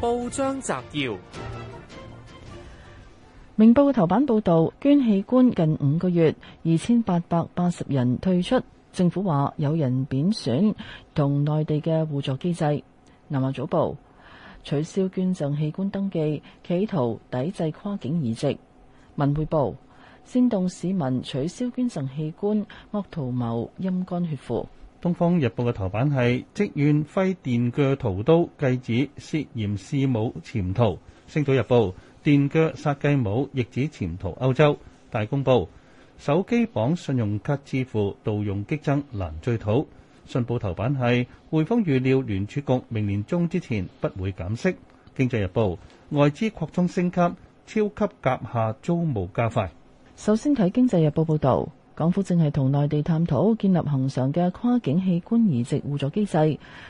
報章摘要：明報頭版報道，捐器官近五個月，二千八百八十人退出。政府話有人貶損，同內地嘅互助機制。南華早報取消捐贈器官登記，企圖抵制跨境移植。文匯報煽動市民取消捐贈器官，惡圖謀陰乾血庫。《東方日報》嘅頭版係職員揮電鋸屠刀，繼子涉嫌弑母潛逃，《星島日報》電鋸殺繼母亦指潛逃歐洲。大公報手機綁信用卡支付盜用激增難追討。《信報》頭版係匯豐預料聯儲局明年中之前不會減息。《經濟日報》外資擴充升級，超級甲下租務加快。首先睇《經濟日報》報道。港府正係同內地探討建立恒常嘅跨境器官移植互助機制。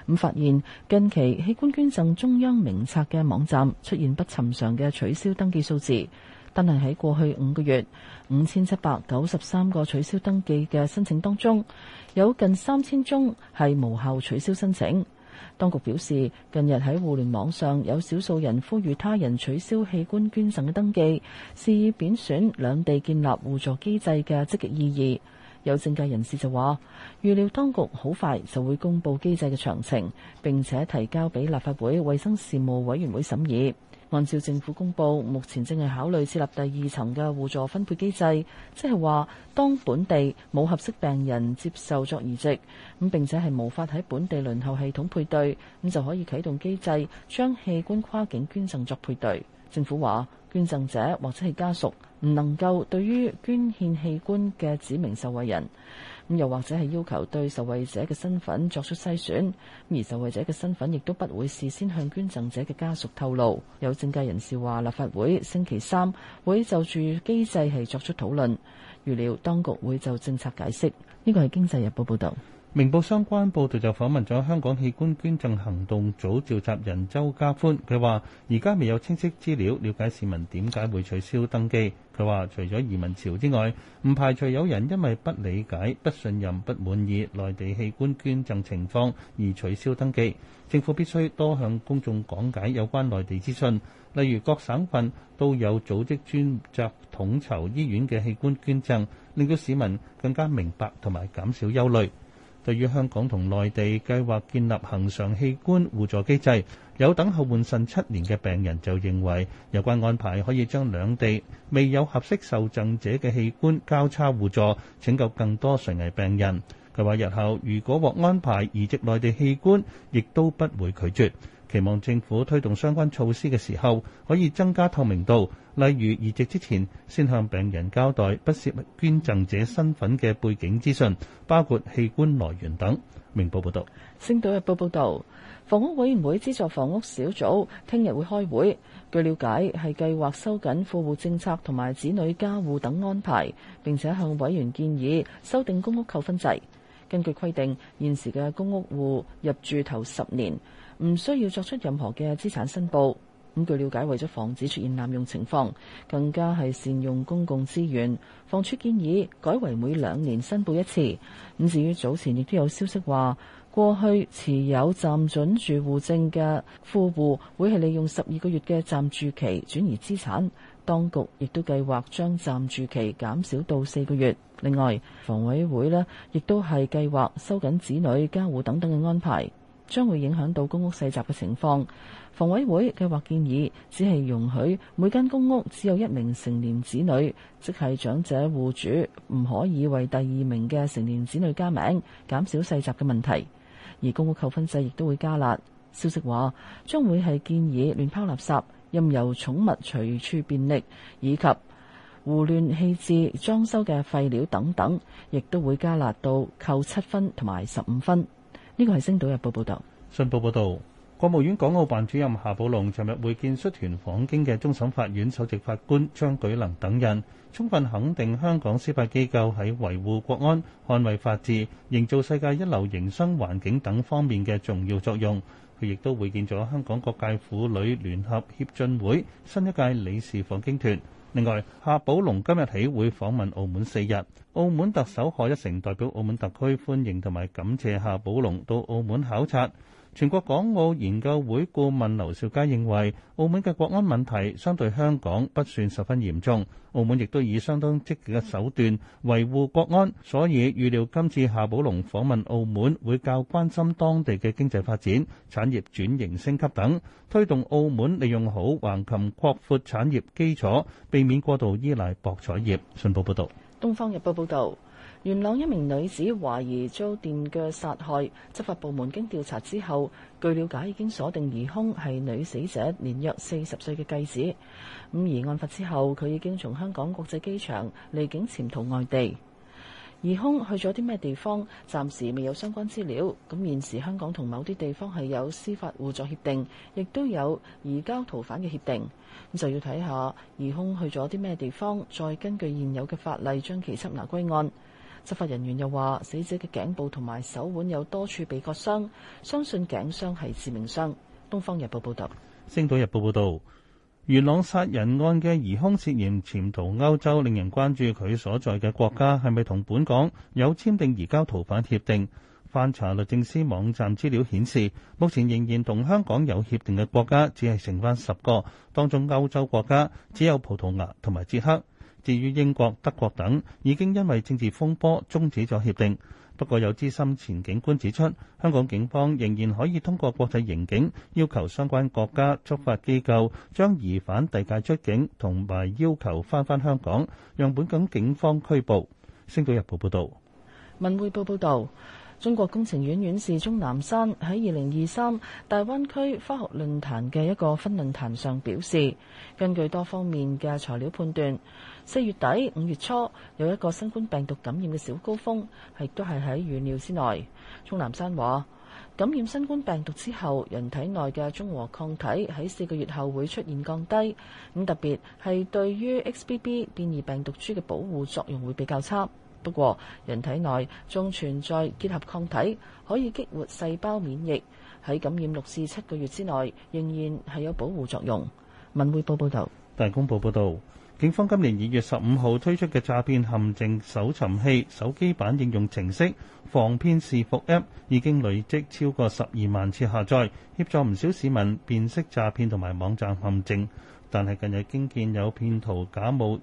咁發現近期器官捐贈中央名冊嘅網站出現不尋常嘅取消登記數字。但係喺過去五個月，五千七百九十三個取消登記嘅申請當中，有近三千宗係無效取消申請。當局表示，近日喺互聯網上有少數人呼籲他人取消器官捐贈嘅登記，示意貶損兩地建立互助機制嘅積極意義。有政界人士就話，預料當局好快就會公布機制嘅詳情，並且提交俾立法會衛生事務委員會審議。按照政府公布，目前正係考慮設立第二層嘅互助分配機制，即係話當本地冇合適病人接受作移植，咁並且係無法喺本地輪候系統配對，咁就可以啟動機制將器官跨境捐贈作配對。政府話，捐贈者或者係家屬唔能夠對於捐獻器官嘅指明受惠人。咁又或者係要求對受惠者嘅身份作出篩選，而受惠者嘅身份亦都不會事先向捐贈者嘅家屬透露。有政界人士話，立法會星期三會就住機制係作出討論，預料當局會就政策解釋。呢、這個係經濟日報報道。明報相關報導就訪問咗香港器官捐贈行動組召集人周家歡，佢話：而家未有清晰資料了解市民點解會取消登記。佢話，除咗移民潮之外，唔排除有人因為不理解、不信任、不滿意內地器官捐贈情況而取消登記。政府必須多向公眾講解有關內地資訊，例如各省份都有組織專責統籌醫院嘅器官捐贈，令到市民更加明白同埋減少憂慮。對於香港同內地計劃建立恆常器官互助機制，有等候換腎七年嘅病人就認為，有關安排可以將兩地未有合適受贈者嘅器官交叉互助，拯救更多垂危病人。佢話日後，如果獲安排移植內地器官亦都不會拒絕。期望政府推動相關措施嘅時候，可以增加透明度，例如移植之前先向病人交代不涉密捐贈者身份嘅背景資訊，包括器官來源等。明報報道，《星島日報》報道，房屋委員會資助房屋小組聽日會開會，據了解係計劃收緊富戶政策同埋子女家戶等安排，並且向委員建議修訂公屋扣分制。根據規定，現時嘅公屋戶入住頭十年。唔需要作出任何嘅資產申報。咁據了解，為咗防止出現濫用情況，更加係善用公共資源，房署建議改為每兩年申報一次。咁至於早前亦都有消息話，過去持有暫准住戶證嘅富戶會係利用十二個月嘅暫住期轉移資產，當局亦都計劃將暫住期減少到四個月。另外，房委會呢亦都係計劃收緊子女加戶等等嘅安排。將會影響到公屋世襲嘅情況，房委會計劃建議只係容許每間公屋只有一名成年子女，即係長者戶主唔可以為第二名嘅成年子女加名，減少世襲嘅問題。而公屋扣分制亦都會加辣。消息話將會係建議亂拋垃圾、任由寵物隨處便溺，以及胡亂棄置裝修嘅廢料等等，亦都會加辣到扣七分同埋十五分。呢個係《星島日報》報導。信報報導，國務院港澳辦主任夏寶龍尋日會見率團訪京嘅終審法院首席法官張舉能等人，充分肯定香港司法機構喺維護國安、捍衛法治、營造世界一流營商環境等方面嘅重要作用。佢亦都會見咗香港各界婦女聯合協進會新一屆理事訪京團。另外，夏寶龍今日起會訪問澳門四日。澳門特首賀一誠代表澳門特區歡迎同埋感謝夏寶龍到澳門考察。全國港澳研究會顧問劉兆佳認為，澳門嘅國安問題相對香港不算十分嚴重，澳門亦都以相當積極嘅手段維護國安，所以預料今次夏寶龍訪問澳門會較關心當地嘅經濟發展、產業轉型升級等，推動澳門利用好橫琴擴闊產業基礎，避免過度依賴博彩業。信報報導，東方日報報導。元朗一名女子懷疑遭電鋸殺害，執法部門經調查之後，據了解已經鎖定疑兇係女死者年約四十歲嘅繼子。咁而案發之後，佢已經從香港國際機場離境潛逃外地。疑兇去咗啲咩地方？暫時未有相關資料。咁現時香港同某啲地方係有司法互助協定，亦都有移交逃犯嘅協定。咁就要睇下疑兇去咗啲咩地方，再根據現有嘅法例將其緝拿歸案。執法人員又話，死者嘅頸部同埋手腕有多處被割傷，相信頸傷係致命傷。《東方日報》報道，《星島日報》報道，元朗殺人案嘅疑兇涉嫌潛逃歐洲，令人關注佢所在嘅國家係咪同本港有簽訂移交逃犯協定。翻查律政司網站資料顯示，目前仍然同香港有協定嘅國家只係剩返十個，當中歐洲國家只有葡萄牙同埋捷克。至於英國、德國等已經因為政治風波終止咗協定。不過有資深前警官指出，香港警方仍然可以通過國際刑警要求相關國家執法機構將疑犯遞解出境，同埋要求翻返香港，讓本港警方拘捕。星島日報報道。文匯報報道，中國工程院院士鍾南山喺二零二三大灣區科學論壇嘅一個分論壇上表示，根據多方面嘅材料判斷。四月底、五月初有一個新冠病毒感染嘅小高峰，亦都係喺預料之內。鍾南山話，感染新冠病毒之後，人體內嘅中和抗體喺四個月後會出現降低，咁特別係對於 XBB 變異病毒株嘅保護作用會比較差。不過，人體內仲存在結合抗體可以激活細胞免疫，喺感染六至七個月之內，仍然係有保護作用。文匯報報道，大公報報道。警方今年二月十五號推出嘅詐騙陷阱搜尋器手機版應用程式防騙視伏 App 已經累積超過十二萬次下載，協助唔少市民辨識詐騙同埋網站陷阱。但係近日經見有騙徒假冒，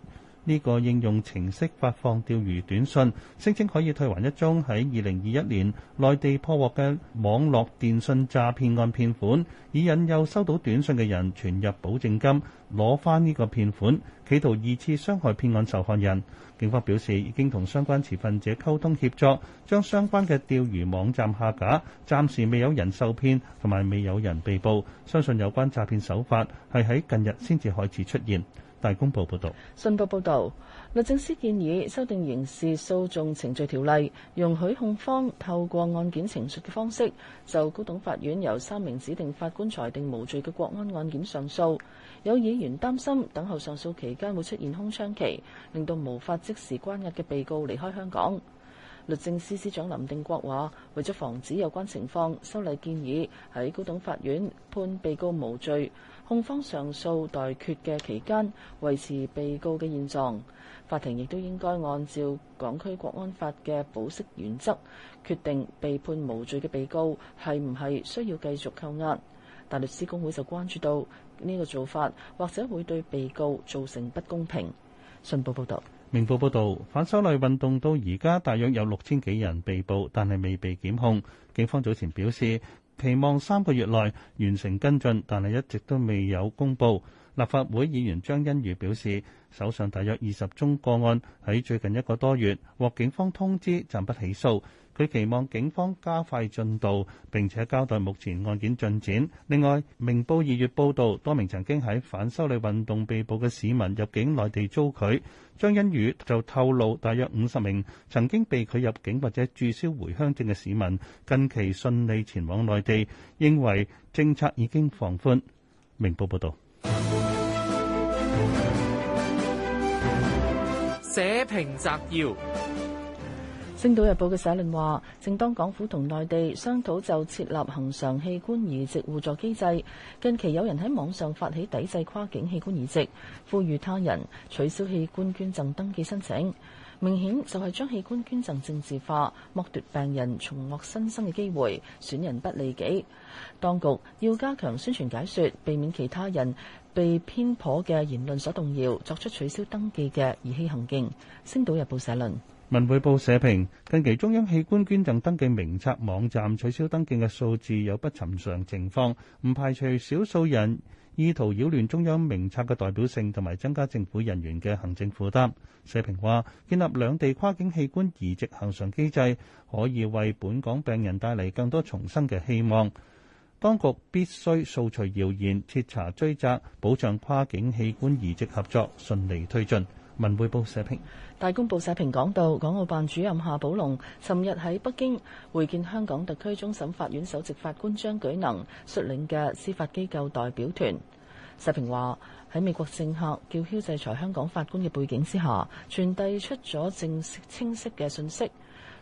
呢個應用程式發放釣魚短信，聲稱可以退還一宗喺二零二一年內地破獲嘅網絡電訊詐騙案騙款，以引誘收到短信嘅人存入保證金攞返呢個騙款，企圖二次傷害騙案受害人。警方表示已經同相關持份者溝通協作，將相關嘅釣魚網站下架，暫時未有人受騙同埋未有人被捕，相信有關詐騙手法係喺近日先至開始出現。大公報報道，信報報道，律政司建議修訂刑事訴訟程序條例，容許控方透過案件程序嘅方式，就高等法院由三名指定法官裁定無罪嘅國安案件上訴。有議員擔心，等候上訴期間會出現空窗期，令到無法即時關押嘅被告離開香港。律政司司長林定國話，為咗防止有關情況，修例建議喺高等法院判被告無罪。控方上訴待決嘅期間，維持被告嘅現狀。法庭亦都應該按照港區國安法嘅保釋原則，決定被判無罪嘅被告係唔係需要繼續扣押。大律師公會就關注到呢、這個做法或者會對被告造成不公平。信報報導，明報報道：「反修例運動到而家，大約有六千幾人被捕，但係未被檢控。警方早前表示，期望三個月內完成跟進，但係一直都未有公布。立法會議員張欣宇表示，手上大約二十宗個案喺最近一個多月獲警方通知暫不起訴。佢期望警方加快進度，並且交代目前案件進展。另外，《明報》二月報道，多名曾經喺反修例運動被捕嘅市民入境內地遭拒。張欣宇就透露，大約五十名曾經被拒入境或者註銷回鄉證嘅市民近期順利前往內地，認為政策已經放寬。明報報道。社評摘要，《星島日報》嘅社論話，正當港府同內地商討就設立恒常器官移植互助機制，近期有人喺網上發起抵制跨境器官移植，呼籲他人取消器官捐贈登記申請。明顯就係將器官捐贈政治化，剝奪病人重獲新生嘅機會，損人不利己。當局要加強宣傳解說，避免其他人被偏頗嘅言論所動搖，作出取消登記嘅兒戲行徑。星島日報社論。文匯報社評：近期中央器官捐贈登記名冊網站取消登記嘅數字有不尋常情況，唔排除少數人，意圖擾亂中央名冊嘅代表性，同埋增加政府人員嘅行政負擔。社評話：建立兩地跨境器官移植恆常機制，可以為本港病人帶嚟更多重生嘅希望。當局必須掃除謠言，徹查追責，保障跨境器官移植合作順利推進。文匯報社評，大公報社評講到，港澳辦主任夏寶龍尋日喺北京會見香港特區終審法院首席法官張舉能率領嘅司法機構代表團。社評話，喺美國政客叫囂制裁香港法官嘅背景之下，傳遞出咗正式清晰嘅信息。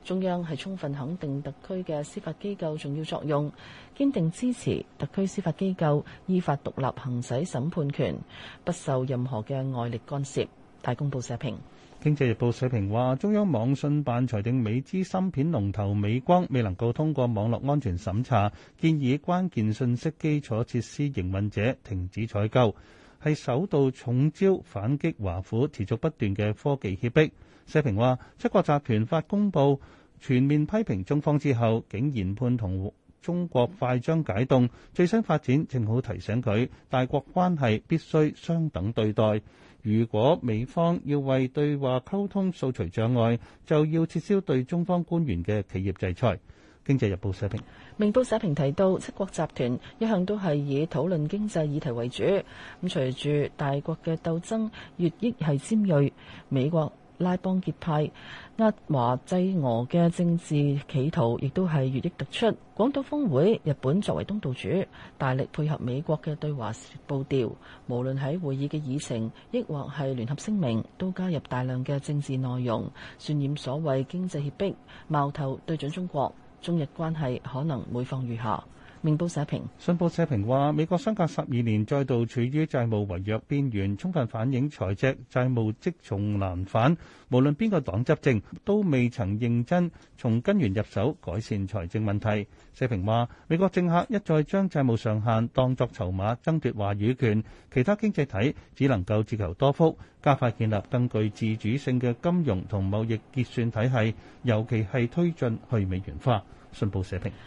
中央係充分肯定特區嘅司法機構重要作用，堅定支持特區司法機構依法獨立行使審判權，不受任何嘅外力干涉。大公報社評，經濟日報社評話：中央網信辦裁定美資芯片龍頭美光未能夠通過網絡安全審查，建議關鍵信息基礎設施營運者停止採購，係首度重招反擊華府持續不斷嘅科技脅迫。社評話：七國集團發公報全面批評中方之後，竟然判同。中國快將解凍,最新發展正好提醒佢,大國關係必須相等對待。如果美方要為對話溝通掃除障礙,就要撤銷對中方官員嘅企業制裁。經濟日報社評,明報社評提到,七國集團一向都係以討論經濟議題為主。咁隨住大國嘅鬥爭越益係尖銳,美國。拉幫結派、壓華制俄嘅政治企圖，亦都係越益突出。廣島峰會，日本作為東道主，大力配合美國嘅對華步調，無論喺會議嘅議程，抑或係聯合聲明，都加入大量嘅政治內容，渲染所謂經濟脅迫，矛頭對準中國，中日關係可能每況愈下。明報社評，信報社評話：美國相隔十二年再度處於債務違約邊緣，充分反映財赤債務積重難返。無論邊個黨執政，都未曾認真從根源入手改善財政問題。社評話：美國政客一再將債務上限當作籌碼爭奪話語權，其他經濟體只能夠自求多福，加快建立更具自主性嘅金融同貿易結算體系，尤其係推進去美元化。信報社評。